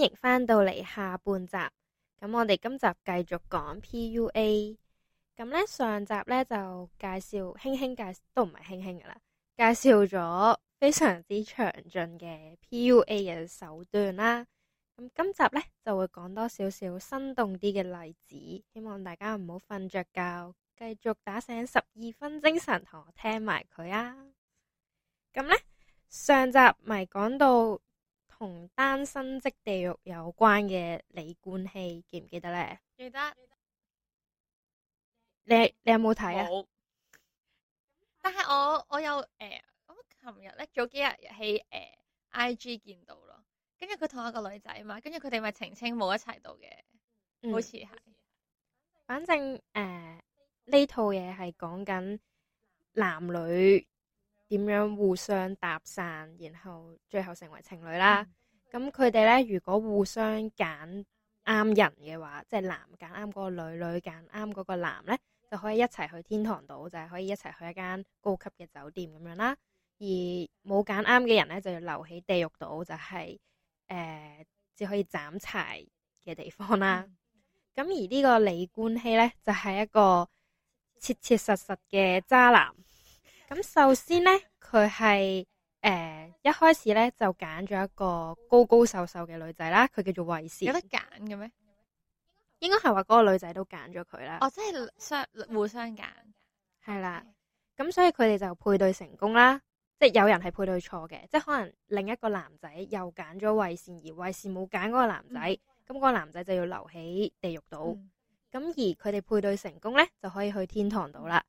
歡迎返到嚟下半集，咁我哋今集繼續講 PUA。咁呢上集呢就介紹，輕輕介紹都唔係輕輕噶啦，介紹咗非常之詳盡嘅 PUA 嘅手段啦。咁今集呢就會講多少少生動啲嘅例子，希望大家唔好瞓着覺，繼續打醒十二分精神同我聽埋佢啊。咁呢，上集咪講到。同單身即地獄有關嘅李冠希，記唔記得咧？記得。你你有冇睇啊？有但係我我有誒、呃，我琴日咧早幾日喺誒、呃、I G 見到咯，跟住佢同一個女仔嘛，跟住佢哋咪澄清冇一齊到嘅，嗯、好似係、嗯。反正誒、呢、呃嗯、套嘢係講緊男女。點樣互相搭訕，然後最後成為情侶啦。咁佢哋咧，如果互相揀啱人嘅話，即係男揀啱嗰個女，女揀啱嗰個男咧，就可以一齊去天堂島，就係、是、可以一齊去一間高級嘅酒店咁樣啦。而冇揀啱嘅人咧，就要留喺地獄島，就係、是、誒、呃、只可以斬柴嘅地方啦。咁、嗯、而呢個李冠希咧，就係、是、一個切切實實嘅渣男。咁首先咧，佢係誒一開始咧就揀咗一個高高瘦瘦嘅女仔啦，佢叫做衛善，有得揀嘅咩？應該係話嗰個女仔都揀咗佢啦。哦，即係相互相揀。係啦的，咁 Okay.、嗯、所以佢哋就配對成功啦。即係有人係配對錯嘅，即係可能另一個男仔又揀咗衛善，而衛善冇揀嗰個男仔，咁嗰、嗯、個男仔就要留喺地獄島。咁、嗯、而佢哋配對成功咧，就可以去天堂島啦。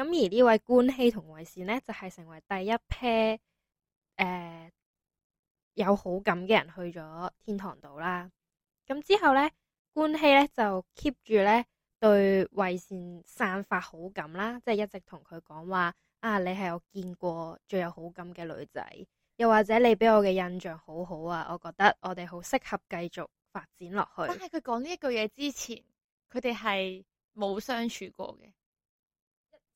咁而呢位官希同衛善呢，就係、是、成為第一批誒、呃、有好感嘅人去咗天堂度啦。咁之後呢，官希呢，就 keep 住呢對衛善散發好感啦，即、就、係、是、一直同佢講話啊，你係我見過最有好感嘅女仔，又或者你俾我嘅印象好好啊，我覺得我哋好適合繼續發展落去。但係佢講呢一句嘢之前，佢哋係冇相處過嘅。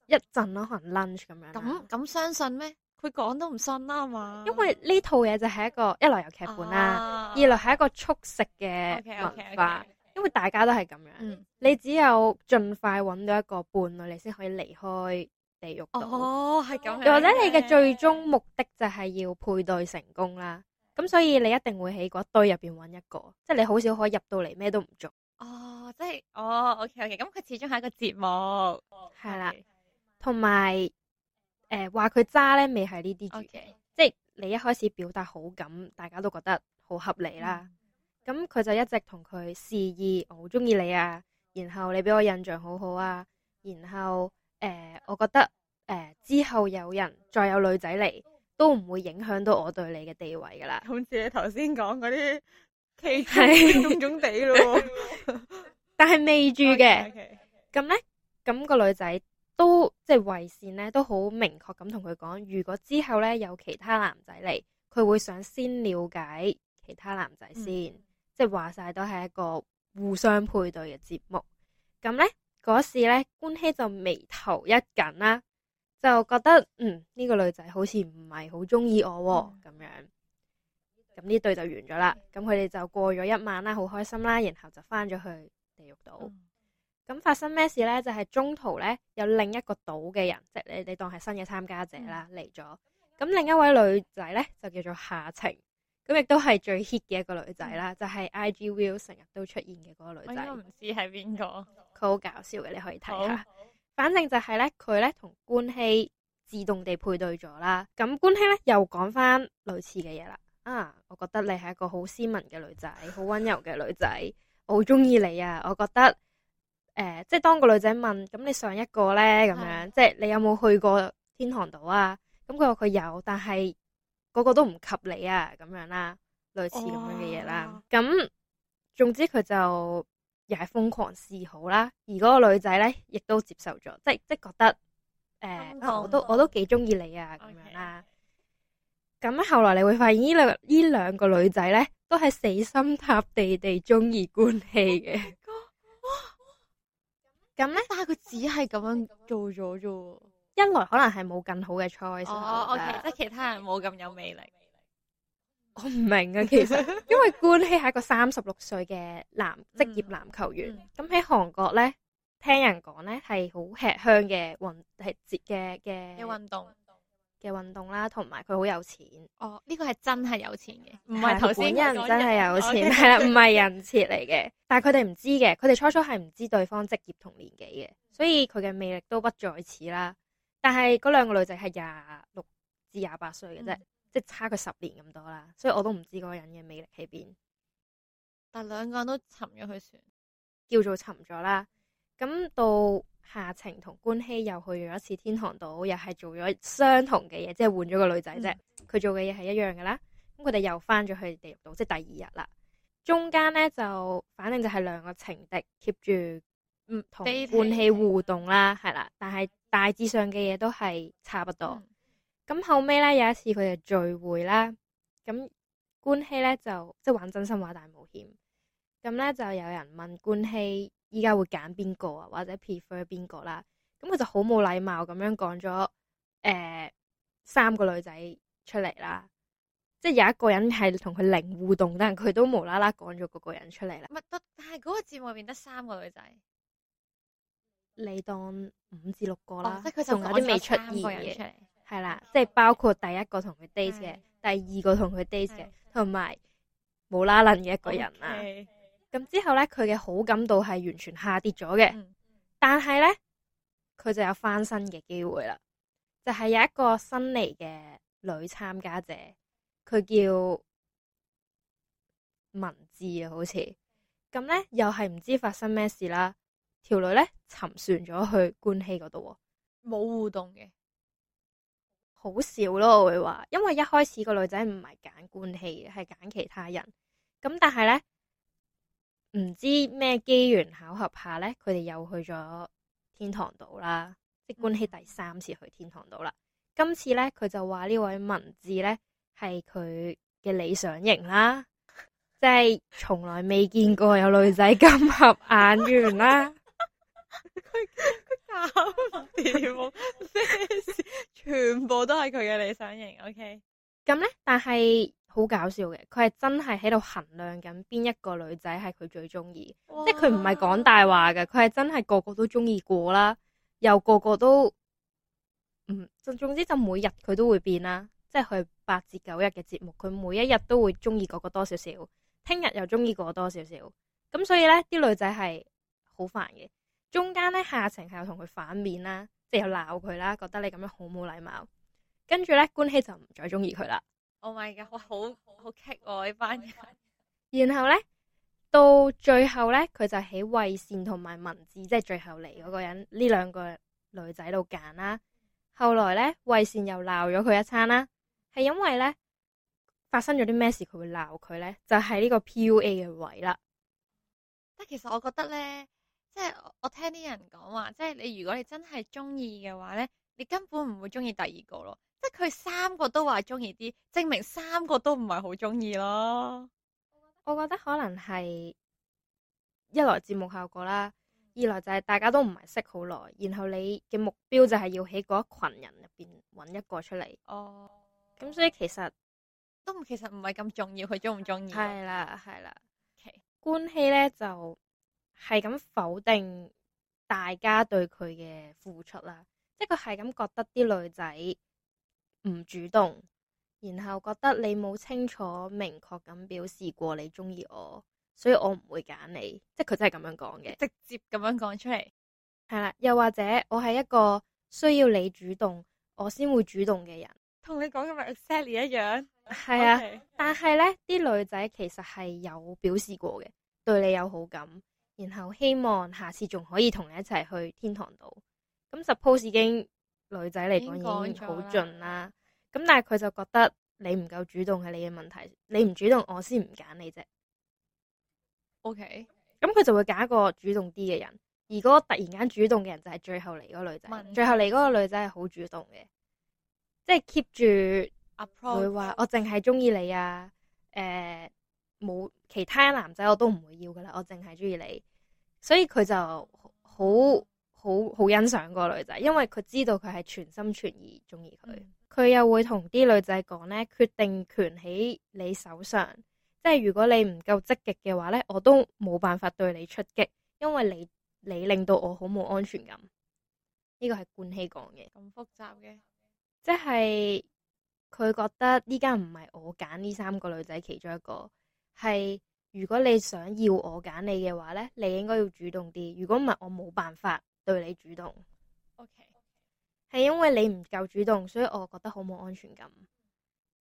一陣咯，可能 lunch 咁樣。咁咁相信咩？佢講都唔信啦，嘛？因為呢套嘢就係一個一來有劇本啦，啊、二來係一個速食嘅文化。Okay, okay, okay, okay, okay. 因為大家都係咁樣，嗯、你只有盡快揾到一個伴侶，你先可以離開地獄。哦，係咁。或者你嘅最終目的就係要配對成功啦。咁所以你一定會喺嗰堆入邊揾一個，即係你好少可以入到嚟咩都唔做哦。哦，即係，哦，OK OK。咁佢始終係一個節目，係啦。同埋，誒，話、呃、佢渣咧，未係呢啲住嘅，Okay. 即係你一開始表達好感，大家都覺得好合理啦。咁佢、嗯、就一直同佢示意，嗯、我好中意你啊，然後你俾我印象好好啊，然後誒、呃，我覺得誒、呃、之後有人再有女仔嚟，都唔會影響到我對你嘅地位噶啦。好似你頭先講嗰啲，其中種種地咯， 但係未住嘅。咁咧 Okay. Okay.，咁、咁個女仔。都即係維善咧，都好明確咁同佢講，如果之後咧有其他男仔嚟，佢會想先了解其他男仔先，嗯、即係話晒都係一個互相配對嘅節目。咁咧嗰時咧，官熙就眉頭一緊啦，就覺得嗯呢、這個女仔好似唔係好中意我咁、啊嗯、樣。咁呢對就完咗啦，咁佢哋就過咗一晚啦，好開心啦，然後就返咗去地獄島。嗯咁發生咩事呢？就係、是、中途呢，有另一個島嘅人，即係你你當係新嘅參加者啦，嚟咗。咁、嗯、另一位女仔呢，就叫做夏晴，咁亦都係最 hit 嘅一個女仔啦，嗯、就係 IG Will 成日都出現嘅嗰個女仔。唔知係邊個？佢好搞笑嘅，你可以睇下。反正就係呢，佢呢同官熙自動地配對咗啦。咁官熙呢又講翻類似嘅嘢啦。啊，我覺得你係一個好斯文嘅女仔，好溫柔嘅女仔，我好中意你啊！我覺得。誒、呃，即係當個女仔問，咁你上一個咧咁樣，的即係你有冇去過天堂島啊？咁佢話佢有，但係嗰個都唔及你啊，咁樣啦，類似咁樣嘅嘢啦。咁、哦、總之佢就又係瘋狂示好啦，而嗰個女仔咧亦都接受咗，即係即係覺得誒、呃啊，我都我都幾中意你啊，咁的樣啦。咁 Okay. 後來你會發現兩，呢兩呢兩個女仔咧，都係死心塌地地中意官氣嘅。 咁咧，但係佢只係咁樣做咗啫，一來可能係冇更好嘅 choice。哦，即係其他人冇咁有魅力。我唔明啊，其實，因為官熙係一個三十六歲嘅男職業籃球員，咁喺韓國咧，聽人講咧係好吃香嘅運，係接嘅嘅嘅運動。嘅運動啦，同埋佢好有錢。哦，呢、這個係真係有錢嘅，唔係頭先本人真係有錢，係啦、哦，唔、okay, 唔係人設嚟嘅。 但係佢哋唔知嘅，佢哋初初係唔知對方職業同年紀嘅，所以佢嘅魅力都不在此啦。但係嗰兩個女仔係廿六至廿八歲嘅啫，嗯、即係差佢十年咁多啦，所以我都唔知嗰個人嘅魅力喺邊。但係兩個人都沉咗去船，叫做沉咗啦。咁到。夏晴同官熙又去咗一次天堂島，又係做咗相同嘅嘢，即係換咗個女仔啫。佢、嗯、做嘅嘢係一樣噶啦。咁佢哋又返咗去地獄島，即係第二日啦。中間咧就反正就係兩個情敵 keep 住唔同官熙互動啦，係啦。但係大致上嘅嘢都係差唔多。咁、嗯、後尾咧有一次佢哋聚會啦，咁官熙咧就即係玩真心話大冒險。咁咧就有人問官希依家會揀邊個啊，或者 prefer 邊個啦？咁、啊、佢就好冇禮貌咁樣講咗誒三個女仔出嚟啦，即係有一個人係同佢零互動，但係佢都無啦啦講咗嗰個人出嚟啦。乜得？但係嗰個節目入邊得三個女仔，你當五至六個啦，即係佢就啲未出現嘅嘢出嚟，係啦、喔，即係包括第一個同佢 date 嘅，的對第二個同佢 date 嘅，同埋無啦啦嘅一個人啦。Okay. 咁之後咧，佢嘅好感度係完全下跌咗嘅。嗯、但係咧，佢就有翻身嘅機會啦。就係、是、有一個新嚟嘅女參加者，佢叫文智啊，好似咁咧，又係唔知發生咩事啦。條女咧沉船咗去官氣嗰度，冇互動嘅，好少咯。我會話，因為一開始個女仔唔係揀官氣嘅，係揀其他人。咁但係咧。唔知咩機緣巧合下咧，佢哋又去咗天堂島啦。即係講起第三次去天堂島啦，今次咧佢就話呢位文字咧係佢嘅理想型啦， 即係從來未見過有女仔咁合眼緣啦。佢佢搞掂，全部都係佢嘅理想型。OK，咁咧，但係。好搞笑嘅，佢係真係喺度衡量緊邊一個女仔係佢最中意，哇即係佢唔係講大話嘅，佢係真係個個都中意過啦，又個個都唔、嗯，總之就每日佢都會變啦，即係佢八至九日嘅節目，佢每一日都會中意個多少少，聽日又中意個多少少，咁所以呢啲女仔係好煩嘅，中間呢，夏晴係又同佢反面啦，即係又鬧佢啦，覺得你咁樣好冇禮貌，跟住呢，官希就唔再中意佢啦。我、Oh、好好激我呢班人。 然後呢，到最後呢，佢就喺魏善同埋文字，即、就、係、是、最後嚟嗰個人呢兩個女仔度揀啦。後來呢，魏善又鬧咗佢一餐啦，啊，係因為呢，發生咗啲咩事，佢會鬧佢呢，就係呢個 PUA 嘅位啦。但其實我覺得呢，即係我聽啲人講話，即係你如果你真係中意嘅話呢，你根本唔會中意第二個咯。即係佢三個都話中意啲，證明三個都唔係好中意咯。我覺得可能係一來節目效果啦，二來就係大家都唔係識好耐，然後你嘅目標就係要喺嗰一群人入邊揾一個出嚟。哦，咁所以其實都其實唔係咁重要，佢中唔中意？係啦，係啦。Okay. 官熙咧就係咁否定大家對佢嘅付出啦，即係佢係咁覺得啲女仔，唔主動，然後覺得你冇清楚明確咁表示過你中意我，所以我唔會揀你，即係佢真係咁樣講嘅，直接咁樣講出嚟，係啦，又或者我係一個需要你主動，我先會主動嘅人，同你講嘅咪 Sally 一樣，係啊的，Okay. 但係呢啲 Okay. 女仔其實係有表示過嘅，對你有好感，然後希望下次仲可以同你一齊去天堂島。咁 suppose 已經。女仔嚟講已經好盡啦，咁但係佢就覺得你唔夠主動係你嘅問題，你唔主動我先唔揀你啫。OK，咁佢就會揀一個主動啲嘅人，如果突然間主動嘅人就係最後嚟嗰個女仔，最後嚟嗰個女仔係好主動嘅，即係 keep 住佢話，我淨係中意你啊，誒、呃，冇其他男仔我都唔會要噶啦，我淨係中意你，所以佢就好。好好欣賞個女仔，因為佢知道佢係全心全意中意佢。佢、嗯、又會同啲女仔講呢，決定權喺你手上，即係如果你唔夠積極嘅話呢，我都冇辦法對你出擊，因為你你令到我好冇安全感。呢、這個係冠希講嘅，咁複雜嘅，即係佢覺得依家唔係我揀呢三個女仔其中一個，係如果你想要我揀你嘅話呢，你應該要主動啲，如果唔係我冇辦法。對你主動，OK，係因為你唔夠主動，所以我覺得好冇安全感。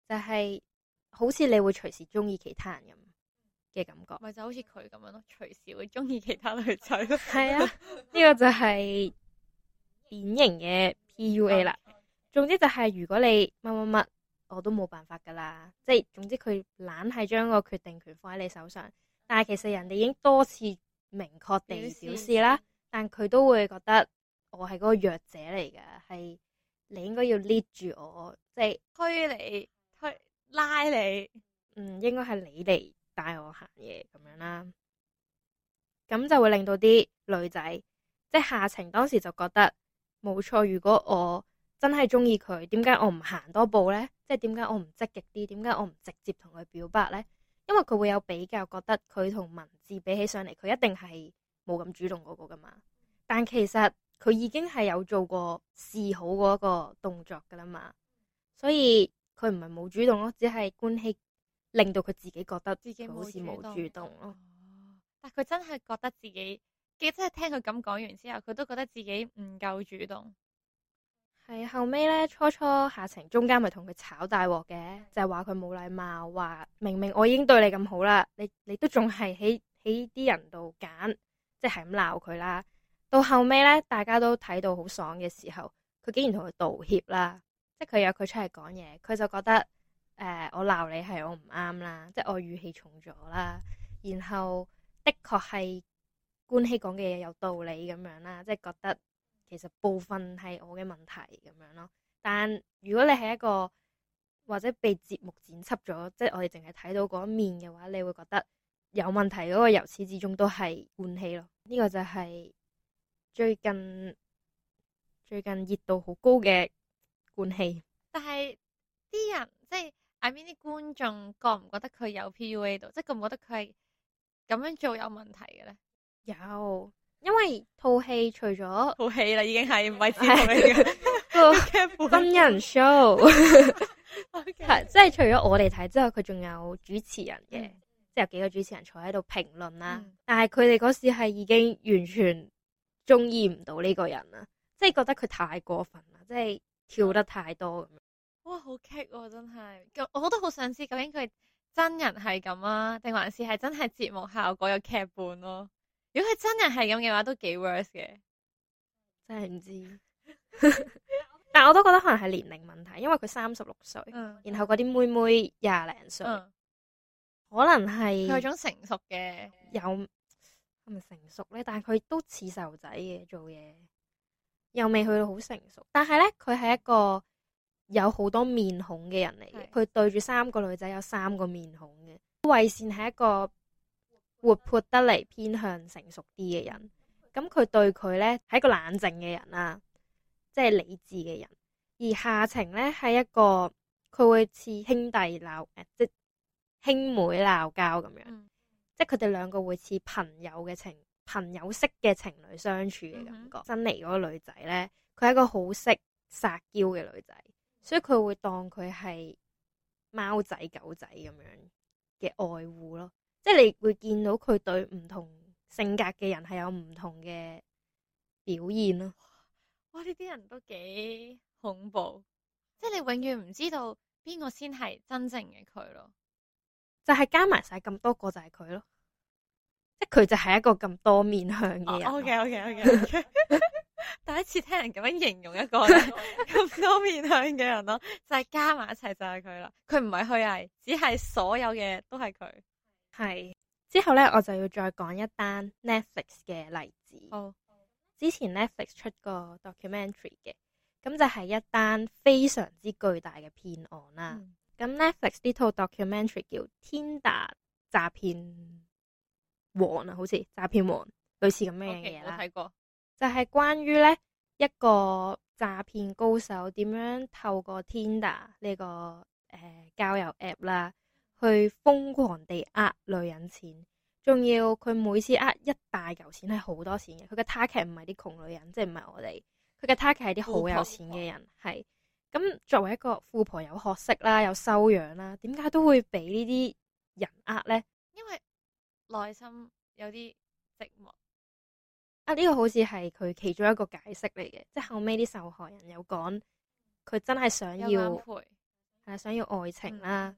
就係、是、好似你會隨時中意其他人咁嘅感覺，咪就好似佢咁樣咯，隨時會中意其他女仔咯。係 啊，呢、這個就係典型嘅 PUA 啦。總之就係如果你乜乜乜，我都冇辦法噶啦。即係總之佢懶係將個決定權放喺你手上，但係其實人哋已經多次明確地表示啦。但佢都會覺得我係嗰個弱者嚟嘅，係你應該要 lead 住我，即係推你推拉你，嗯，應該係你嚟帶我行嘢咁樣啦。咁就會令到啲女仔即係夏晴當時就覺得冇錯，如果我真係中意佢，點解我唔行多步呢？即係點解我唔積極啲？點解我唔直接同佢表白呢？」因為佢會有比較，覺得佢同文字比起上嚟，佢一定係。冇咁主動嗰個噶嘛，但其實佢已經係有做過示好嗰個動作噶啦嘛，所以佢唔係冇主動咯，只係官氣令到佢自己覺得自己好似冇主動咯。但佢真係覺得自己，佢真係聽佢咁講完之後，佢都覺得自己唔夠主動。係後尾咧初初下程中間咪同佢炒大鑊嘅，就係話佢冇禮貌，話明明我已經對你咁好啦，你你都仲係喺喺啲人度揀。即係咁鬧佢啦，到後尾咧，大家都睇到好爽嘅時候，佢竟然同佢道歉啦。即係佢約佢出嚟講嘢，佢就覺得誒、呃，我鬧你係我唔啱啦，即係我語氣重咗啦。然後的確係官希講嘅嘢有道理咁樣啦，即係覺得其實部分係我嘅問題咁樣咯。但如果你係一個或者被節目剪輯咗，即係我哋淨係睇到嗰一面嘅話，你會覺得。有問題嗰個由始至終都係冠希咯，呢、這個就係最近最近熱度好高嘅冠希。但係啲人即係 I mean 啲觀眾覺唔覺得佢有 PUA 到？即係覺唔覺得佢係咁樣做有問題嘅咧？有，因為套戲除咗套戲啦，已經係唔係節目嘅真人 show，係即係除咗我哋睇之後，佢仲有主持人嘅。 即有幾個主持人坐喺度評論啦，嗯、但係佢哋嗰時係已經完全中意唔到呢個人啦，即係覺得佢太過分啦，即係跳得太多咁、嗯。哇，好棘、哦，真係。我都好想知究竟佢真人係咁啊，定還是係真係節目效果有劇本咯、啊？如果佢真人係咁嘅話，都幾 worse 嘅。真係唔知， 但係我都覺得可能係年齡問題，因為佢三十六歲，嗯、然後嗰啲妹妹廿零歲。嗯可能係佢係種成熟嘅，有係咪成熟咧？但係佢都似細路仔嘅做嘢，又未去到好成熟。但係咧，佢係一個有好多面孔嘅人嚟嘅。佢是對住三個女仔，有三個面孔嘅。魏善係一個活潑得嚟，偏向成熟啲嘅人。咁佢對佢咧係一個冷靜嘅人啦、啊，即係理智嘅人。而夏晴咧係一個佢會似兄弟鬧，即兄妹鬧交咁樣，嗯、即係佢哋兩個會似朋友嘅情朋友式嘅情侶相處嘅感覺。嗯嗯、新妮嚟嗰個女仔咧，佢係一個好識撒嬌嘅女仔，嗯、所以佢會當佢係貓仔狗仔咁樣嘅愛護咯。即係你會見到佢對唔同性格嘅人係有唔同嘅表現咯。哇！呢啲人都幾恐怖，即係你永遠唔知道邊個先係真正嘅佢咯。就係加埋晒咁多個就係佢咯，即係佢就係一個咁多面向嘅人。ok ok ok，第一次聽人咁樣形容一個咁 多面向嘅人 咯，就係加埋一齊就係佢啦。佢唔係虛偽，只係所有嘅都係佢。係之後咧，我就要再講一單 Netflix 嘅例子。哦，oh. 之前 Netflix 出個 documentary 嘅，咁就係一單非常之巨大嘅騙案啦。嗯咁 Netflix 呢套 documentary 叫《Tinder 詐騙王》啊，好似詐騙王類似咁樣嘅嘢啦。睇、okay，就係關於咧一個詐騙高手點樣透過 Tinder 呢、這個誒、呃、交友 app 啦，去瘋狂地呃女人錢，仲要佢每次呃一大嚿錢，係好多錢嘅。佢嘅 target 唔係啲窮女人，即係唔係我哋，佢嘅 target 係啲好有錢嘅人，係。咁作為一個富婆，有學識啦，有修養啦，點解都會俾呢啲人呃咧？因為內心有啲寂寞啊！呢、這個好似係佢其中一個解釋嚟嘅，即係後尾啲受害人有講，佢真係想要，係、嗯、想要愛情啦、啊。嗯、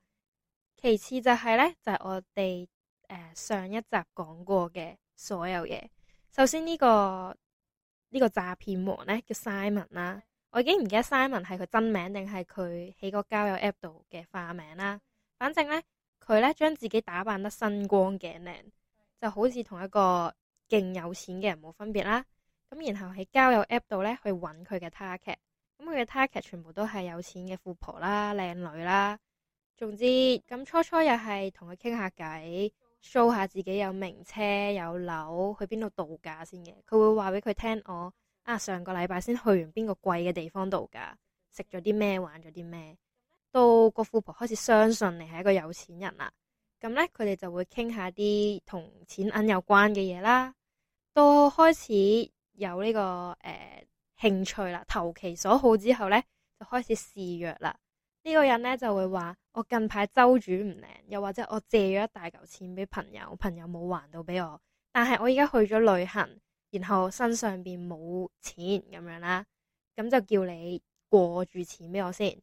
其次就係咧，就係、是、我哋誒、呃、上一集講過嘅所有嘢。首先、這個這個、呢個呢個詐騙王咧叫 Simon 啦、啊。嗯我已經唔記得 Simon 係佢真名定係佢喺個交友 App 度嘅化名啦。反正呢，佢呢將自己打扮得身光頸靚，就好似同一個勁有錢嘅人冇分別啦。咁然後喺交友 App 度呢，去揾佢嘅 target，咁佢嘅 target 全部都係有錢嘅富婆啦、靚女啦。總之咁初初又係同佢傾下偈，show 下自己有名車、有樓，去邊度度假先嘅。佢會話俾佢聽我。啊！上個禮拜先去完邊個貴嘅地方度噶食咗啲咩，玩咗啲咩，到個富婆開始相信你係一個有錢人啦。咁呢，佢哋就會傾下啲同錢銀有關嘅嘢啦。到開始有呢、這個誒、呃、興趣啦，投其所好之後呢，就開始示弱啦。呢、這個人呢，就會話：我近排周轉唔靈，又或者我借咗一大嚿錢俾朋友，朋友冇還到俾我，但係我而家去咗旅行。然後身上邊冇錢咁樣啦，咁就叫你過住錢俾我先。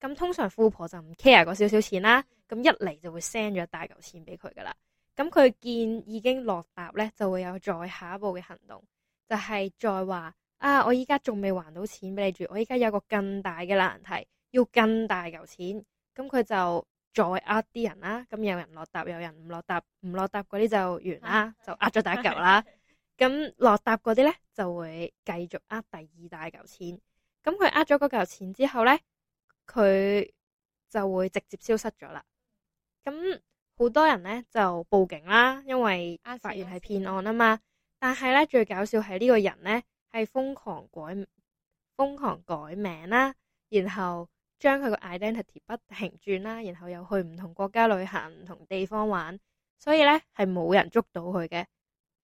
咁通常富婆就唔 care 個少少錢啦，咁一嚟，就會 send 咗大嚿錢俾佢噶啦。咁佢見已經落答咧，就會有再下一步嘅行動，就係再話啊，我依家仲未還到錢俾你住，我依家有個更大嘅難題，要更大嚿錢。咁佢就再呃啲人啦，咁有人落答，有人唔落答，唔落答嗰啲就完啦， 就呃咗第一嚿啦。 咁落搭嗰啲咧就會繼續呃第二大嚿錢，咁佢呃咗嗰嚿錢之後咧，佢就會直接消失咗啦。咁好多人咧就報警啦，因為啱發現係騙案啊嘛。但係咧最搞笑係呢個人咧係瘋狂改瘋狂改名啦，然後將佢個 identity 不停轉啦，然後又去唔同國家旅行、唔同地方玩，所以咧係冇人捉到佢嘅。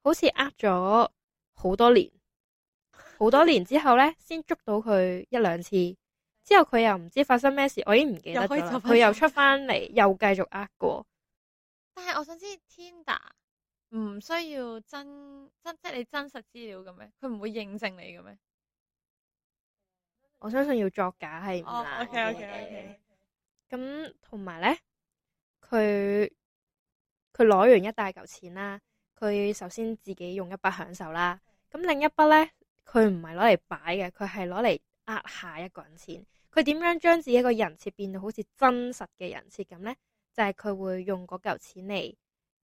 好似呃咗好多年，好多年之後咧，先捉到佢一兩次，之後佢又唔知發生咩事，我已經唔記得咗。佢又,又出翻嚟，又繼續呃過。但係我想知，Tinder，唔需要真真即係你真實資料嘅咩？佢唔會認證你嘅咩？我相信要作假係唔難嘅、oh, OK OK OK，咁同埋咧，佢佢攞完一大嚿錢啦。佢首先自己用一筆享受啦，咁另一筆呢，佢唔係攞嚟擺嘅，佢係攞嚟呃下一個人錢。佢點樣將自己個人設變到好似真實嘅人設咁呢？就係、是、佢會用嗰嚿錢嚟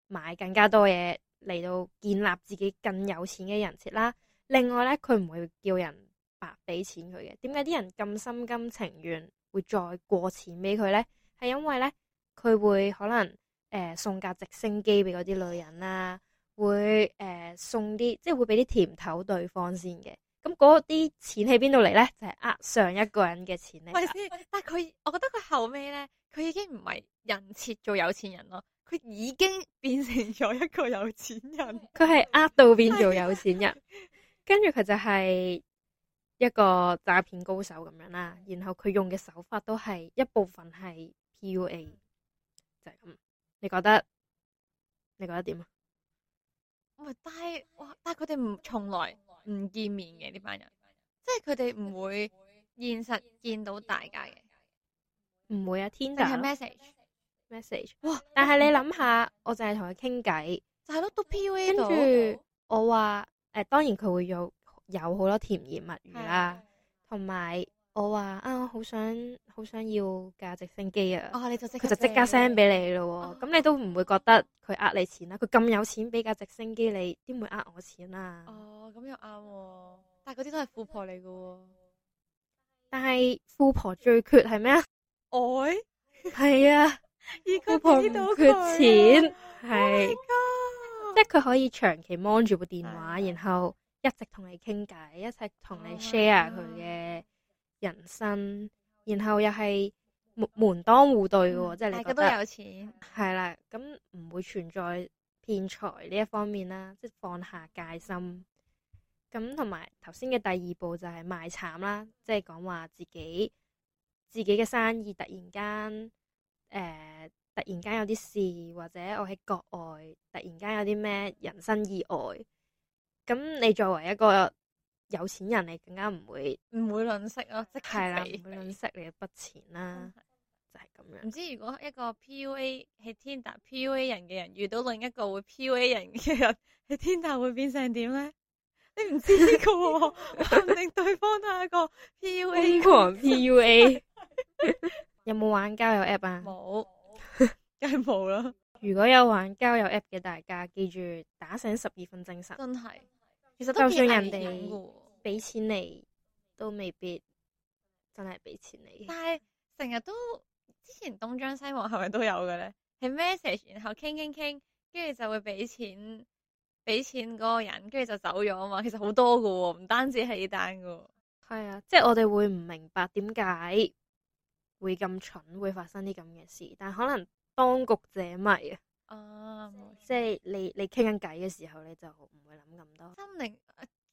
買更加多嘢嚟到建立自己更有錢嘅人設啦。另外呢，佢唔會叫人白俾錢佢嘅。點解啲人咁心甘情願會再過錢俾佢呢？係因為呢，佢會可能誒、呃、送架直升機俾嗰啲女人啦、啊。會誒、呃、送啲即係會俾啲甜頭對方先嘅，咁嗰啲錢喺邊度嚟咧？就係、是、呃、啊、上一個人嘅錢嚟。嘯啊、但係佢，我覺得佢後屘咧，佢已經唔係人設做有錢人咯，佢已經變成咗一個有錢人。佢係呃到變做有錢人。跟住佢就係一個詐騙高手咁樣啦。然後佢用嘅手法都係一部分係 PUA，就係咁、嗯。你覺得你覺得點啊？但係哇，但係佢哋唔從來唔見面嘅呢班人，即係佢哋唔會現實見到大家嘅，唔會啊。天就係 message，message，哇！但係你諗下，嗯、我淨係同佢傾偈，就係咯到 PUA 跟住我話，誒、呃，當然佢會有有好多甜言蜜語啦，同埋的。我話啊，我好想好想要架直升機啊！哦，你就即佢就即刻 send 俾你咯，啊。咁，哦，你都唔會覺得佢呃你錢啦，啊？佢咁有錢俾架直升機你，點會呃我錢啊？哦，咁又啱。但係嗰啲都係富婆嚟噶，啊。但係富婆最缺係咩啊？愛係 知啊！富婆唔缺錢，係、oh、即係佢可以長期 mon 住部電話，對對對，然後一直同你傾偈，一齊同你 share 佢嘅。人生，然後又係門門當戶對，嗯、即係大家都有錢，係啦，咁唔會存在騙財呢一方面啦，即係放下戒心。咁同埋頭先嘅第二步就係賣慘啦，即係講話自己自己嘅生意突然間，誒、呃、突然間有啲事，或者我喺國外突然間有啲咩人生意外，咁你作為一個。有錢人你更加唔會唔會吝嗇咯，即係唔會吝嗇你嘅筆錢啦、啊，嗯、就係咁樣。唔知如果一個 P U A 喺 Tinder P U A 人嘅人遇到另一個會 P U A 人嘅人喺 Tinder 會變成點咧？你唔知呢個，我諗定 對方都係一個 P U A 狂 P U A。 有冇玩交友 app 啊？冇有，梗係冇啦。如果有玩交友 app 嘅大家，記住打醒十二分精神。真係。其實就算人哋俾錢你都，都未必真係俾錢你。但係成日都之前東張西望，係咪都有嘅咧？係 message，然後傾傾傾，跟住就會俾錢俾錢嗰個人，跟住就走咗啊嘛。其實好多噶，唔單止係呢單噶。係啊，即係我哋會唔明白點解會咁蠢，會發生啲咁嘅事。但係可能當局者迷啊。哦，啊、即係你你傾緊偈嘅時候，你就唔會諗咁多。心靈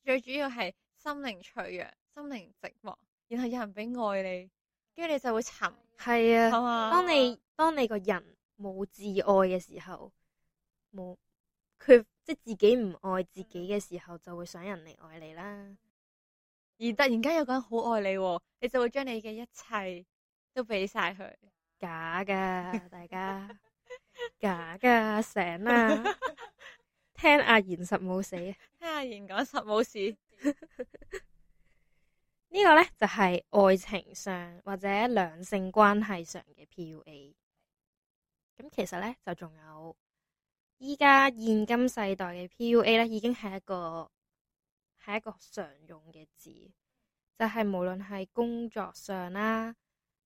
最主要係心靈脆弱、心靈寂寞，然後有人俾愛你，跟住你就會沉。係啊，吧當你當你個人冇自愛嘅時候，冇佢即係自己唔愛自己嘅時候，嗯、就會想人嚟愛你啦。而突然間有個人好愛你、喎，你就會將你嘅一切都俾晒佢。假噶，大家。 假噶醒啦， 聽阿賢實冇死， 聽阿賢講實冇事。呢 個呢，就係、是、愛情上或者兩性關係上嘅 P.U.A。咁其實呢，就仲有依家現，現今世代嘅 P.U.A 呢，已經係一個係一個常用嘅字，就係、是、無論係工作上啦，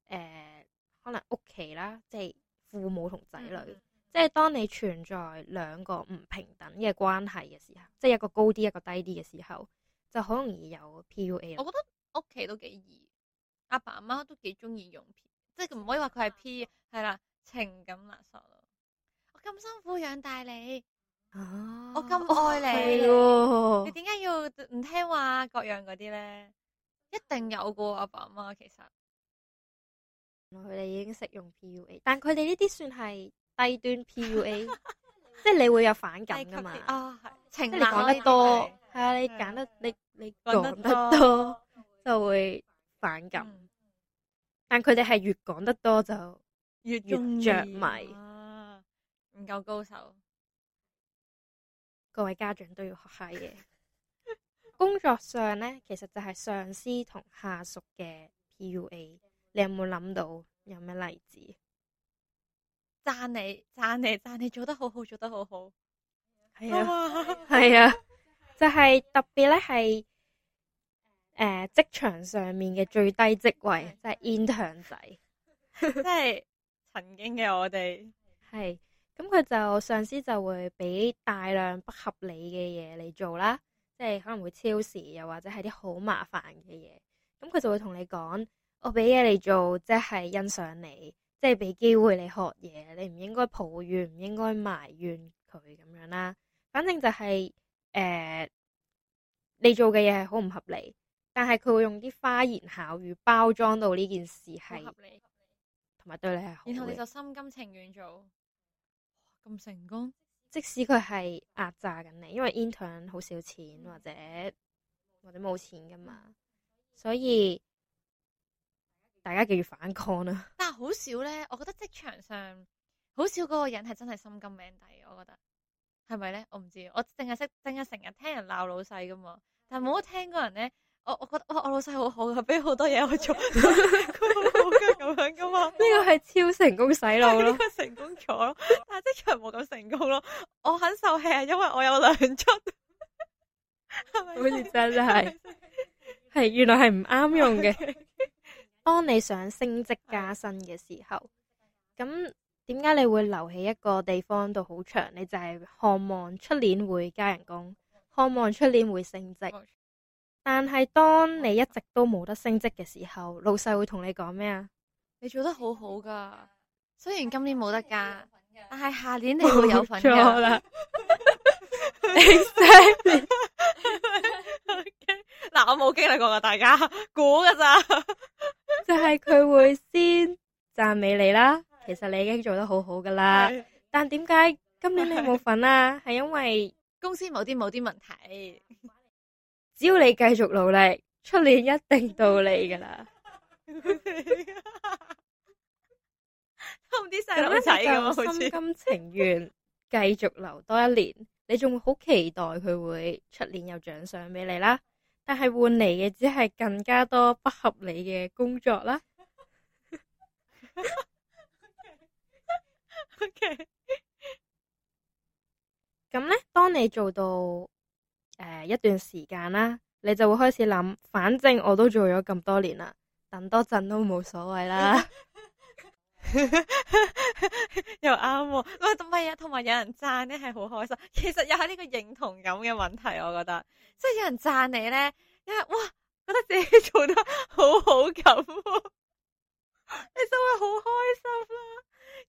誒、呃，可能屋企啦，即係。父母同仔女，嗯嗯嗯即係當你存在兩個唔平等嘅關係嘅時候，即係一個高啲，一個低啲嘅時候，就好容易有 PUA。我覺得屋企都幾易，阿爸阿媽都幾中意用，即係唔可以話佢係 P 啊，係啦，情感垃圾咯。我咁辛苦養大你，哦、啊，我咁愛你，哦、你點解要唔聽話、各樣嗰啲咧？一定有過阿爸阿媽，其實。佢哋已經識用 PUA，但佢哋呢啲算係低端 PUA， 即係你會有反感噶嘛？啊係，情冷得多，係啊，你講得，的得多，講得多就會反感，嗯、但佢哋係越講得多就越越着迷啊，唔夠高手，各位家長都要學下嘢。 工作上咧，其實就係上司同下屬嘅 PUA。你有冇諗到有咩例子？讚你，讚你，讚你做得好好，做得好好，係啊，係 啊,啊，就係、是、特別咧，係誒職場上面嘅最低職位，就係 intern 仔，即 係曾經嘅我哋係咁，佢就上司就會俾大量不合理嘅嘢你做啦，即、就、係、是、可能會超時，又或者係啲好麻煩嘅嘢，咁佢就會同你講。我俾嘢你做，即係欣賞你，即係俾機會你學嘢，你唔應該抱怨，唔應該埋怨佢咁樣啦。反正就係，誒，你做嘅嘢係好唔合理，但係佢會用啲花言巧語包裝到呢件事係合理合理，同埋對你係好。然後你就心甘情願做，咁成功。即使佢係壓榨緊你，因為 intern 好少錢或者或者冇錢㗎嘛，所以。大家就要反抗啦！但係好少咧，我覺得職場上好少嗰個人係真係心甘命抵。我覺得係咪咧？我唔知，我淨係識淨係成日聽人鬧老細噶嘛，但係冇得聽過人咧。我我覺得我，我老細好好噶，俾好多嘢我做，佢係咁樣噶嘛？呢個係超成功洗腦咯， 成功咗，但係職場冇咁成功咯。我很受氣，係因為我有兩出， 好似真係係 原來係唔啱用嘅。 當你想升職加薪嘅時候，咁點解你會留喺一個地方度好長？你就係渴望出年會加人工，渴望出年會升職。的但係當你一直都冇得升職嘅時候，老細會同你講咩啊？你做得好好噶，雖然今年冇得加，但係下年你會有份嘅。錯嗱，我冇經歷過噶，大家估噶咋？ 就係佢會先讚美你啦。是其實你已經做得好好噶啦。是但點解今年你冇份啊？係是因為公司某啲某啲問題。 只要你繼續努力，出年一定到你噶啦。同啲細路仔咁，我 心甘情願繼續留多一年。 你仲會好期待佢會出年有獎賞俾你啦。但係換嚟嘅只係更加多不合理嘅工作啦。OK，咁咧，當你做到誒、呃、一段時間啦，你就會開始諗，反正我都做咗咁多年啦，等多陣都冇所謂啦。 又啱，唔係，唔係啊！同埋有，有，有人讚咧，係好開心。其實又係呢個認同感嘅問題，我覺得，即、就、係、是、有人讚你咧，因為哇，覺得自己做得好好咁、啊， 你就會好開心啦、啊，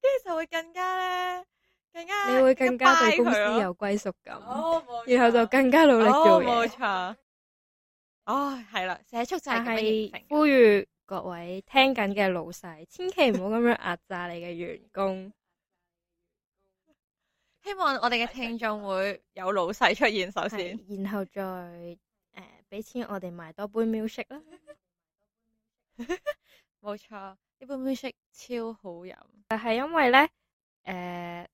跟住就會更加咧，更加你會更加對公司有歸屬感，哦啊、然後就更加努力、哦、做嘢事、哦啊。哦，係啦，社畜就係呼嘅各位聽緊嘅老細，千祈唔好咁樣壓榨你嘅員工。 希望我哋嘅聽眾會 有老細出現，首先，然後再畀俾、呃、錢我哋買多杯 music 啦，冇 錯， 呢杯 music 超好飲。但係因為呢，誒、呃、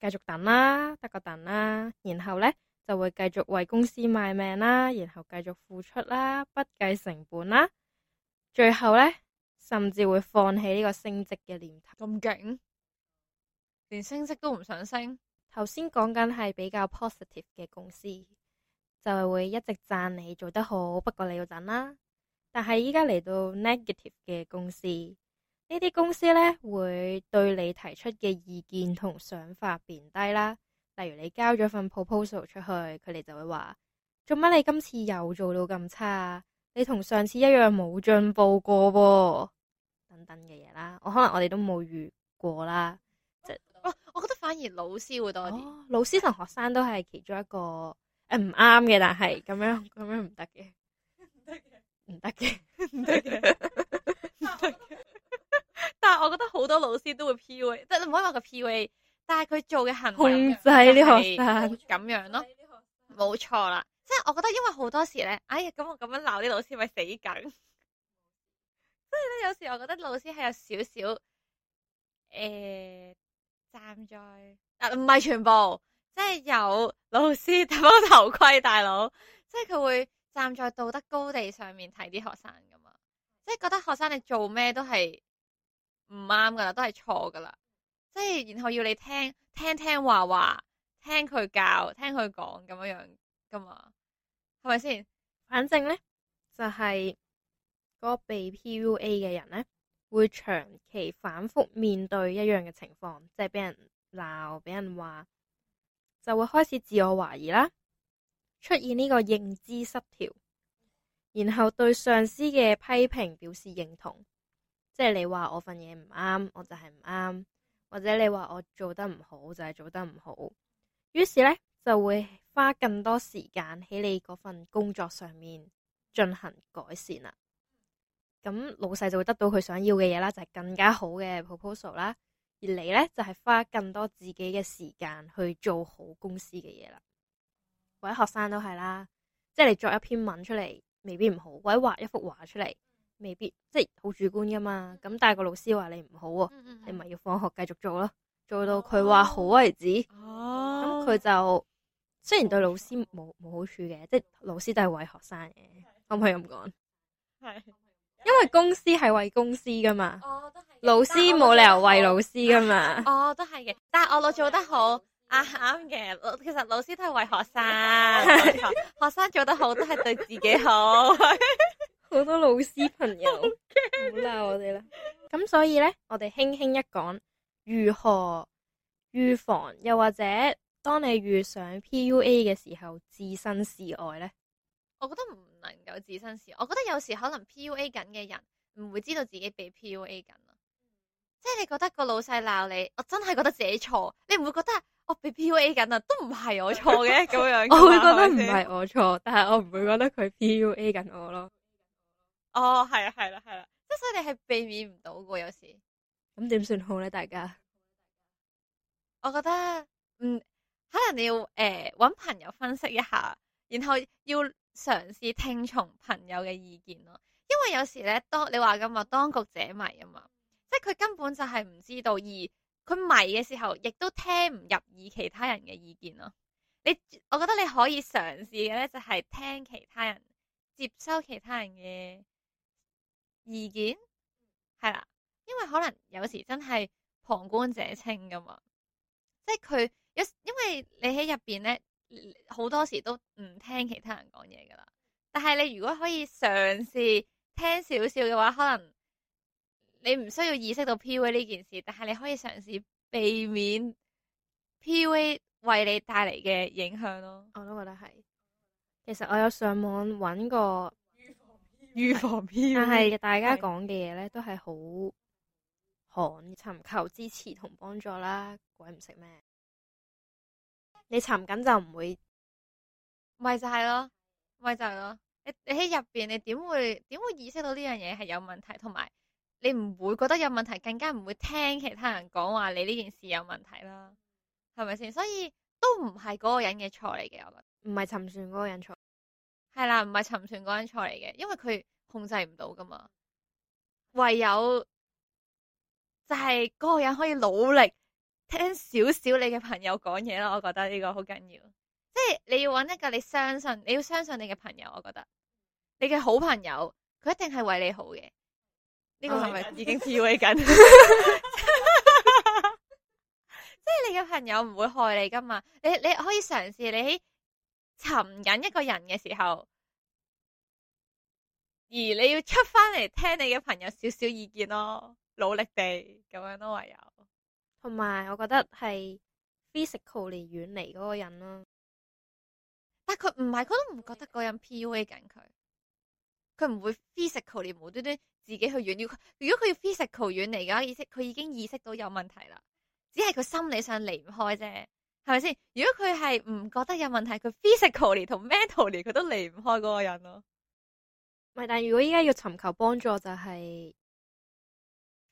繼續等啦，得個等啦，然後呢，就會繼續為公司賣命啦，然後繼續付出啦，不計成本啦。最後呢，甚至會放棄呢個升職嘅念頭。咁勁，連升職都唔想升。頭先講緊係比較 positive 嘅公司，就係會一直讚你做得好，不過你要等啦。但係而家嚟到 negative 嘅公司，呢啲公司呢會對你提出嘅意見同想法變低啦。例如你交咗份 proposal 出去，佢哋就會話：做乜你今次又做到咁差啊？你同上次一樣冇進步過噃，等等嘅嘢啦，我可能我哋都冇遇過啦，即係、喔，就哦，我覺得反而老師會多啲、哦，老師同學生都係其中一個，誒唔啱嘅，但係咁樣咁樣唔得嘅，唔得嘅，唔得嘅， 但係我覺得好多老師都會 PUA，即係你唔可以話個 PUA，但係佢做嘅行動控制啲學生咁樣咯，冇錯啦。即係我覺得，因為好多時咧，哎呀，咁我咁樣鬧啲老師咪死梗。即係咧，有時我覺得老師係有少少誒站在，啊唔係全部，即係有老師戴頭盔大佬，即係佢會站在道德高地上面睇啲學生噶嘛，即係覺得學生你做咩都係唔啱噶啦，都係錯噶啦，即係然後要你聽聽聽話話，聽佢教，聽佢講咁樣樣噶嘛。係咪先？反正咧，就係嗰個被 PUA 嘅人咧，會長期反復面對一樣嘅情況，即係俾人鬧，俾人話，就會開始自我懷疑啦，出現呢個認知失調，然後對上司嘅批評表示認同，即係你話我份嘢唔啱，我就係唔啱，或者你話我做得唔好，就係做得唔好，於是咧。就會花更多時間喺你嗰份工作上面進行改善啦。咁老細就會得到佢想要嘅嘢啦，就係更加好嘅 proposal 啦。而你呢，就係花更多自己嘅時間去做好公司嘅嘢啦。或者學生都係啦，即係你作一篇文出嚟，未必唔好；或者畫一幅畫出嚟，未必即係好主觀噶嘛。咁但係個老師話你唔好，你咪要放學繼續做咯，做到佢話好為止。哦，咁佢就。雖然對老師冇冇好處嘅，即係老師都係為學生嘅，可唔可以咁講？係，的因為公司係為公司噶嘛。哦，都係。老師冇理由為老師噶嘛。哦，都係嘅。但係我老做得好，啊啱嘅，哦啊。其實老師都係為學生， 哦，學生做得好都係對自己好。 好多老師朋友，唔好鬧我哋啦。咁所以咧，我哋輕輕一講，如何預防，又或者？當你遇上 PUA 嘅時候，置身事外咧，我覺得唔能夠置身事外。我覺得有時可能 PUA 緊嘅人唔會知道自己被 PUA 緊啦。即係你覺得個老細鬧你，我真係覺得自己錯，你唔會覺得我被 PUA 緊啊？都唔係我錯嘅咁樣。樣我會覺得唔係我錯， 但係我唔會覺得佢 PUA 緊我咯。哦，係啊，係啦、啊，係啦、啊，即所以你係避免唔到嘅有時。咁點算好咧？大家，我覺得嗯。可能你要誒搵，欸，朋友分析一下，然後要嘗試聽從朋友嘅意見咯。因為有時咧，當你話嘅嘛，當局者迷啊嘛，即係佢根本就係唔知道，而佢迷嘅時候，亦都聽唔入耳其他人嘅意見咯。你我覺得你可以嘗試嘅咧，就係聽其他人，接收其他人嘅意見，係啦。因為可能有時真係旁觀者清噶嘛，即係佢。因因為你喺入邊咧，好多時都唔聽其他人講嘢噶啦。但係你如果可以嘗試聽少少嘅話，可能你唔需要意識到 PUA 呢件事，但係你可以嘗試避免 PUA 為你帶嚟嘅影響咯。我都覺得係。其實我有上網搵過預防 PUA，但係大家講嘅嘢咧都係好寒，尋求支持同幫助啦，鬼唔識咩？你沉緊就唔會，咪就係咯，咪就係咯。你你喺入邊，你點會點會意識到呢樣嘢係有問題，同埋你唔會覺得有問題，更加唔會聽其他人講話你呢件事有問題啦，係咪先？所以都唔係嗰個人嘅錯嚟嘅，我覺得，唔係沉船嗰個人錯，係啦，唔係沉船嗰個人錯嚟嘅，因為佢控制唔到噶嘛，唯有就係嗰個人可以努力。聽少少你嘅朋友講嘢咯，我覺得呢個好緊要，即係你要揾一個你相信，你要相信你嘅朋友。我覺得你嘅好朋友佢一定係為你好嘅，呢個係咪已經跳起緊？即係你嘅朋友唔會害你噶嘛？你你可以嘗試你喺尋緊一個人嘅時候，而你要出翻嚟聽你嘅朋友少少意見咯，努力地咁樣咯，唯有。同埋，我覺得係 physically 遠離嗰個人咯，但佢唔係，佢都唔覺得嗰人 PUA 緊佢，佢唔會 physically 無端端自己去遠離。如果佢要 physical 遠離嘅話，意思佢已經意識到有問題啦，只係佢心理上離唔開啫，係咪先？如果佢係唔覺得有問題，佢 physically 同 mentally 佢都離唔開嗰個人咯。咪但係如果依家要尋求幫助，就係，就係。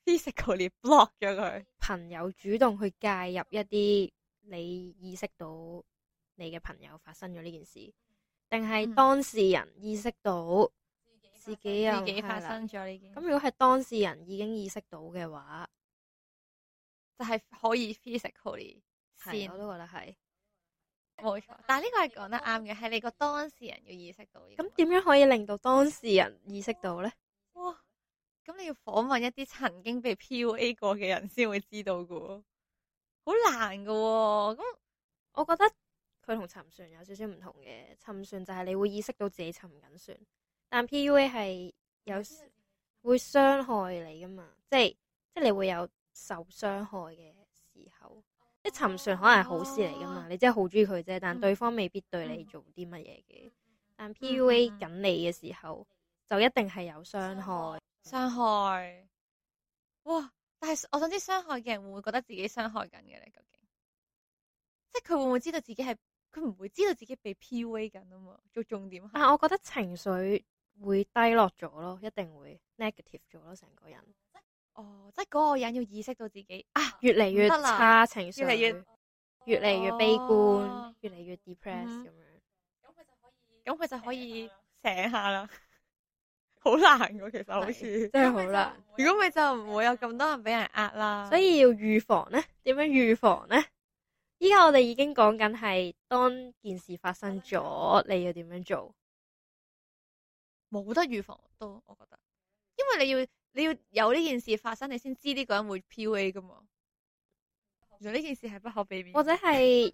physically block 咗佢。朋友主動去介入一啲，你意識到你嘅朋友發生咗呢件事，定係當事人意識到自己啊，自己發生咗呢件。咁的如果係當事人已經意識到嘅話，就係可以 physically 係。我都覺得係冇錯，但係呢個係講得啱嘅，係你個當事人要意識到。咁點樣可以令到當事人意識到咧？哇！咁你要訪問一啲曾經被 PUA 過嘅人先會知道嘅喎，好難嘅，哦。咁我覺得佢同沉船有少少唔同嘅。沉船就係你會意識到自己沉緊船，但 PUA 係有時會傷害你噶嘛，即係即係你會有受傷害嘅時候。即係沉船可能係好事嚟噶嘛，哦，你真係好中意佢啫，但對方未必對你做啲乜嘢嘅。但 PUA 緊你嘅時候，嗯，就一定係有傷害。傷害哇！但係我想知傷害嘅人會唔會覺得自己傷害緊嘅咧？究竟，即係佢會唔會知道自己係佢唔會知道自己被 PUA 緊啊？嘛做重點。但係我覺得情緒會低落咗咯，一定會 negative 咗咯，成個人哦！即係嗰個人要意識到自己啊，越嚟越差情緒，越嚟越，哦、越嚟越悲觀，哦、越嚟越 depress 咁、嗯嗯、樣。咁佢就可以，咁佢就可以醒下啦。好難噶，其實好似對真係好難。如果咪就唔會有咁多人俾人呃啦。所以要預防咧，點樣預防咧？依家我哋已經講緊係，當件事發生咗，你要點樣做？冇得預防都，我覺得，因為你要你要有呢件事發生，你先知呢個人會 PUA 噶嘛。其實呢件事係不可避免，或者係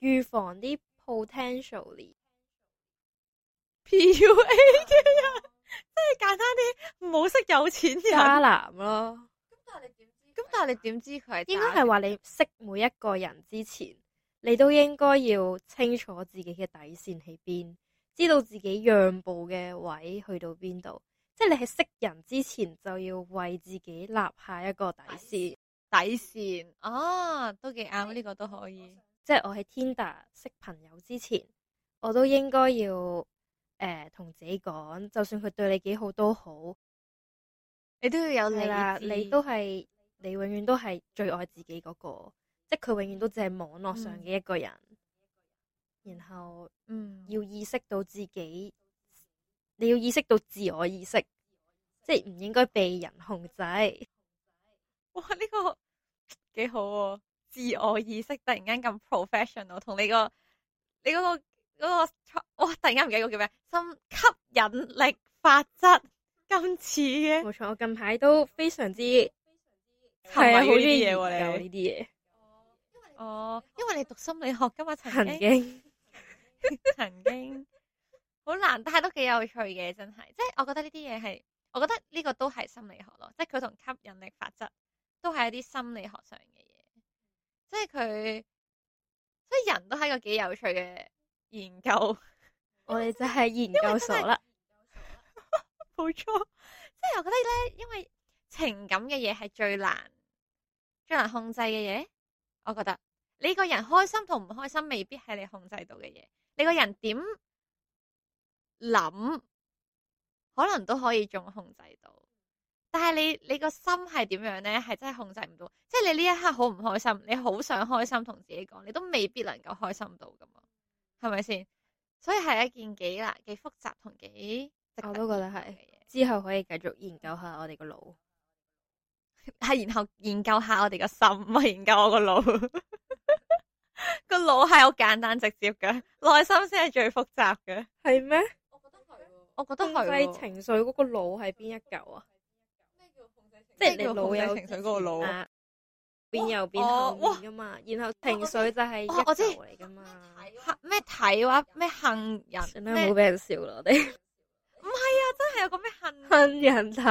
預防啲 potentially PUA 嘅人。 即係簡單啲，唔好識有錢人渣男咯。咁 但係你點？咁但係你點知佢係點樣？應該係話你識每一個人之前，你都應該要清楚自己嘅底線喺邊，知道自己讓步嘅位去到邊度。即係你喺識人之前，就要為自己立下一個底線。底線，底線哦，都幾啱，呢個都可以。像即係我喺 Tinder 識朋友之前，我都應該要。誒，同、呃、自己講，就算佢對你幾好都好，你都要有理智啦。你都係，你永遠都係最愛自己嗰、那個，即係佢永遠都只係網絡上嘅一個人。嗯、然後，嗯，要意識到自己，你要意識到自我意識，意識，即係唔應該被人控制。哇，呢、這個幾好哦、啊！自我意識突然間咁 professional，同你個你嗰個。嗰、那個我突然間唔記得叫咩？心吸引力法則今次嘅冇錯，我近排都非常之非常之，係啊，好中意呢啲嘢。哦，因為你讀心理學噶嘛，曾經 曾經好 難，但係都幾有趣嘅，真係。即、就、係、是、我覺得呢啲嘢係，我覺得呢個都係心理學咯。即係佢同吸引力法則都係一啲心理學上嘅嘢。即係佢，即係人都係一個幾有趣嘅。研究， 我哋就係研究所啦，冇錯。 即係我覺得咧，因為情感嘅嘢係最難、最難控制嘅嘢。我覺得你個人開心同唔開心，未必係你控制到嘅嘢。你個人點諗，可能都可以仲控制到。但係你你個心係點樣咧，係真係控制唔到。即係你呢一刻好唔開心，你好想開心，同自己講，你都未必能夠開心到噶嘛。係咪先？所以係一件幾難、幾複雜同幾……我都覺得係。之後可以繼續研究下我哋個腦，係 然後研究下我哋個心，唔係研究我個腦。個腦係好簡單直接嘅，內心先係最複雜嘅，係咩嗎？我覺得係，我覺得係。控制情緒嗰個腦係邊一嚿啊？即係、啊、你個腦有情緒嗰個腦。啊變又變恨噶嘛，哦、然後情緒就係一嚟噶、哦、嘛，咩睇話咩恨人，唔好俾人笑啦我哋。唔係啊，真係有個咩恨恨人睇，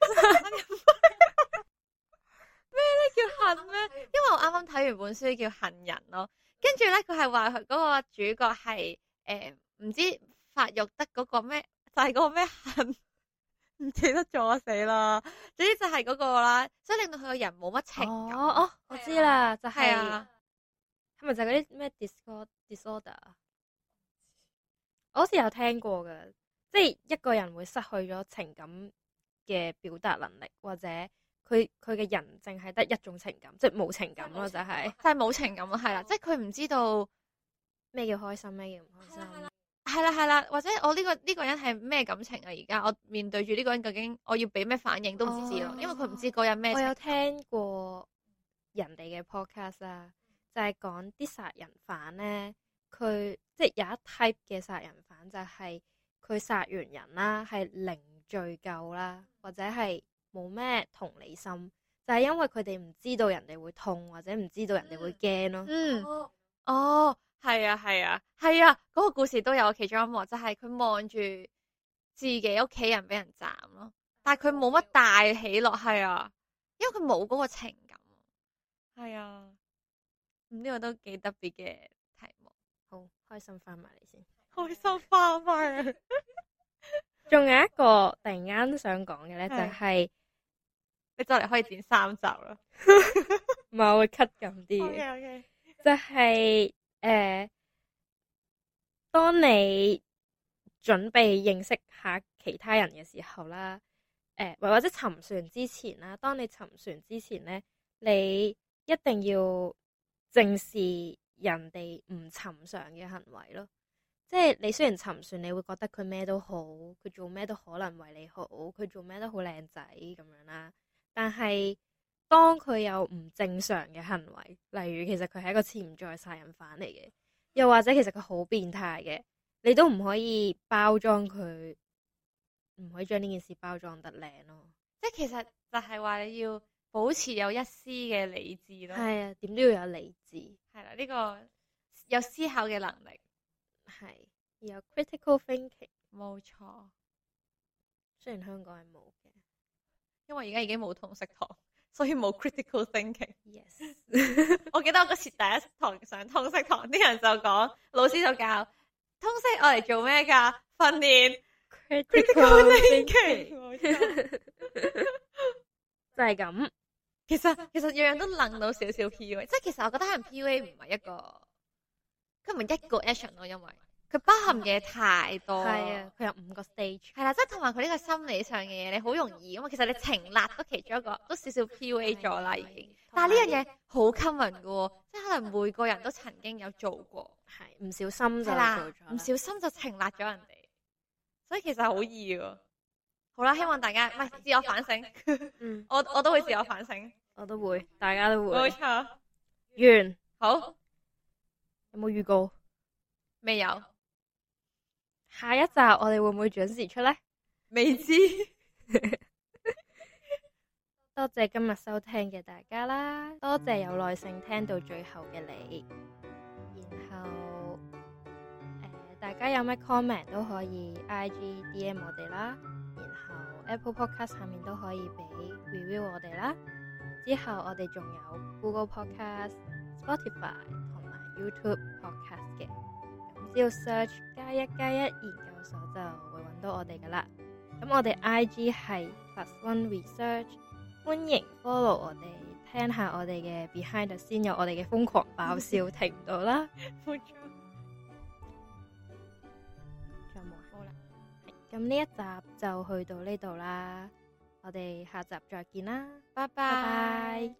咩咧 叫恨咩？因為我啱啱睇完本書叫《恨人》咯，跟住咧佢係話佢嗰個主角係誒唔知發育得嗰個咩就係、是、個咩恨。唔記得咗死啦！總之就係嗰個啦，所以令到佢個人冇乜情感。哦哦，我知啦，就係啊，係咪就係嗰啲咩 dis disorder 啊？是是是 dis 我好似有聽過噶，即係一個人會失去咗情感嘅表達能力，或者佢佢嘅人淨係得一種情感，即係冇情感咯，就係就係冇情感咯，係啦，即係佢唔知道咩叫開心，咩叫唔開心。 係啦係啦，或者我呢、這個呢、這個人係咩感情啊？而家我面對住呢個人，究竟我要俾咩反應都唔知咯，oh, oh, oh. 因為佢唔知嗰人咩。我有聽過人哋嘅 podcast 啦、啊，就係講啲殺人犯咧，佢即係有一 type 嘅殺人犯就係佢殺完人啦，係零罪疚啦，或者係冇咩同理心，就係、是、因為佢哋唔知道人哋會痛或者唔知道人哋會驚咯、啊。嗯哦。係啊，係啊，係啊！嗰、那個故事都有其中一幕，就係佢望住自己屋企人俾人斬咯。但係佢冇乜大起落，係啊，因為佢冇嗰個情感。係啊，呢、嗯這個都幾特別嘅題目。好開心翻埋嚟先，開心翻翻嚟。仲、啊、 有一個突然間想講嘅咧，是就係、是、你就嚟可以剪三集咯，唔係我 會 cut 咁啲嘅。即係 Okay, okay.、就是。誒、呃，當你準備認識下其他人嘅時候啦，誒、呃，或者沉船之前啦，當你沉船之前咧，你一定要正視人哋唔尋常嘅行為咯。即係你雖然沉船，你會覺得佢咩都好，佢做咩都可能為你好，佢做咩都好靚仔咁樣啦，但係。當佢有唔正常嘅行為，例如其實佢係一個潛在殺人犯嚟嘅，又或者其實佢好變態嘅，你都唔可以包裝佢，唔可以將呢件事包裝得靚咯。即係其實就係話你要保持有一絲嘅理智咯。係啊，點都要有理智。係啦、啊，呢、呢個有思考嘅能力，係有 critical thinking，冇錯。錯雖然香港係冇嘅，因為而家已經冇通識堂。所以冇 critical thinking。yes， 我記得我嗰時第一堂上通識堂，啲人就講，老師就教通識，我嚟做咩噶訓練 critical, critical thinking，就係咁。其實其實樣樣都楞到少少 PUA 即係其實我覺得可能 PUA 唔係一個，佢唔係一個 action 咯，因為。佢包含嘢太多，係啊，佢有五個 stage，係啦，即係同埋佢呢個心理上嘅嘢，你好容易，因為其實你情辣都其中一個，都少少 PUA 咗啦，已經。但係呢樣嘢好 common 嘅，即係可能每個人都曾經有做過，係唔小心就，係啦，唔小心就情辣咗人哋，所以其實好易嘅。好啦，希望大家唔係自我反省，嗯，我我都會自我反省，我都會，大家都會，冇錯，完，好，有冇預告？未有。下一集我哋會唔會準時出呢？未知。多謝今日收聽嘅大家啦，多謝有耐性聽到最後嘅你。然後，誒，大家有咩 comment 都可以 IG DM 我哋啦。然後 Apple Podcast 下面都可以俾 review 我哋啦。之後我哋仲有 Google Podcast、Spotify 同埋 YouTube Podcast 嘅。要 search 加一加一研究所就會揾到我哋噶啦，咁我哋 IG 係 Plus One Research，歡迎 follow 我哋，聽下我哋嘅 Behind 先有我哋嘅瘋狂爆笑，停唔到啦，冇錯，仲有冇啊？冇啦，咁呢一集就去到呢度啦，我哋下集再見啦，拜拜。